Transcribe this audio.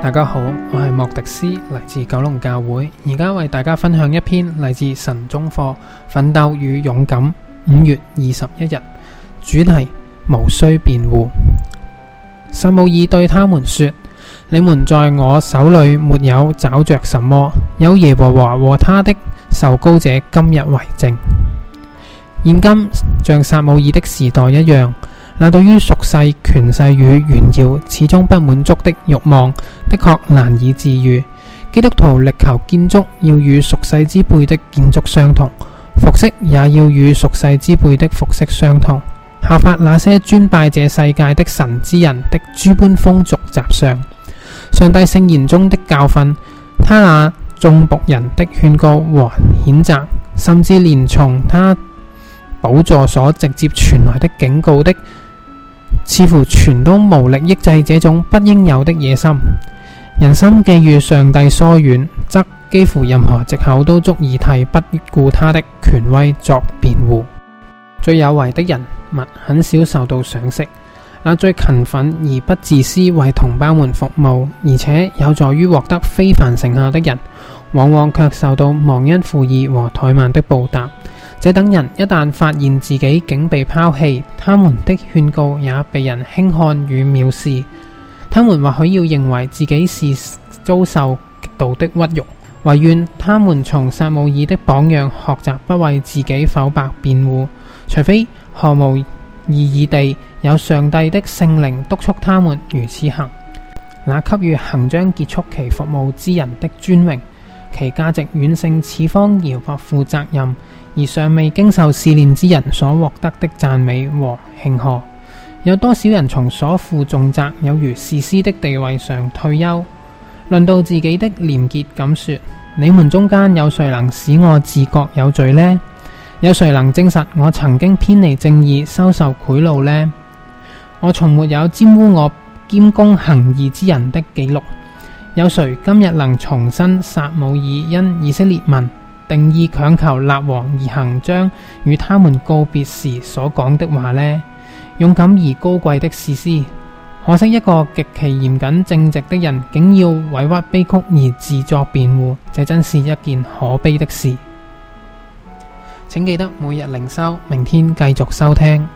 大家好，我係莫迪斯，嚟自九龍教會，而家為大家分享一篇嚟自神中課《奮鬥與勇敢》，五月二十一日，主題無需辯護。撒母耳對他們說：你們在我手裏沒有找着什麼，有耶和華和,和,和他的受膏者今日為證。現今像撒母耳的時代一樣。那對於俗世權勢與炫耀，始終不滿足的慾望，的確難以治癒。基督徒力求建築要與俗世之輩的建築相同，服飾也要與俗世之輩的服飾相同，效法那些尊拜這世界的神之人的諸般風俗習尚。上帝聖言中的教訓，他那眾僕人的勸告和譴責，甚至連從他寶座所直接傳來的警告的。似乎全都無力抑制這種不應有的野心。人心既與上帝疏遠，則幾乎任何藉口都足以替不顧他的權威作辯護。最有為的人物很少受到賞識，那最勤奮而不自私為同胞們服務，而且有助於獲得非凡成效的人，往往卻受到忘恩負義和怠慢的報答。這等人一旦發現自己竟被拋棄，他們的勸告也被人輕看與藐視，他們或許要認為自己是遭受極度的屈辱。唯願他們從撒母耳的榜樣學習，不為自己否白辯護，除非毫無意義地有上帝的聖靈督促他們如此行，那給予行將結束其服務之人的尊榮。其價值遠勝此方，而不負責任，而尚未經受試煉之人所獲得的讚美和慶賀。有多少人從所負重責有如士師的地位上退休？論到自己的廉潔，噉說你們中間有誰能使我自覺有罪呢？有誰能證實我曾經偏離正義、收受賄賂呢？我從沒有玷污我秉公行義之人的記錄。有誰今日能重申撒母耳因以色列民定意強求立王而行，將與他們告別時所講的話呢？勇敢而高貴的士師，可惜一個極其嚴謹正直的人，竟要委屈悲曲而自作辯護，這真是一件可悲的事。請記得每日靈修，明天繼續收聽。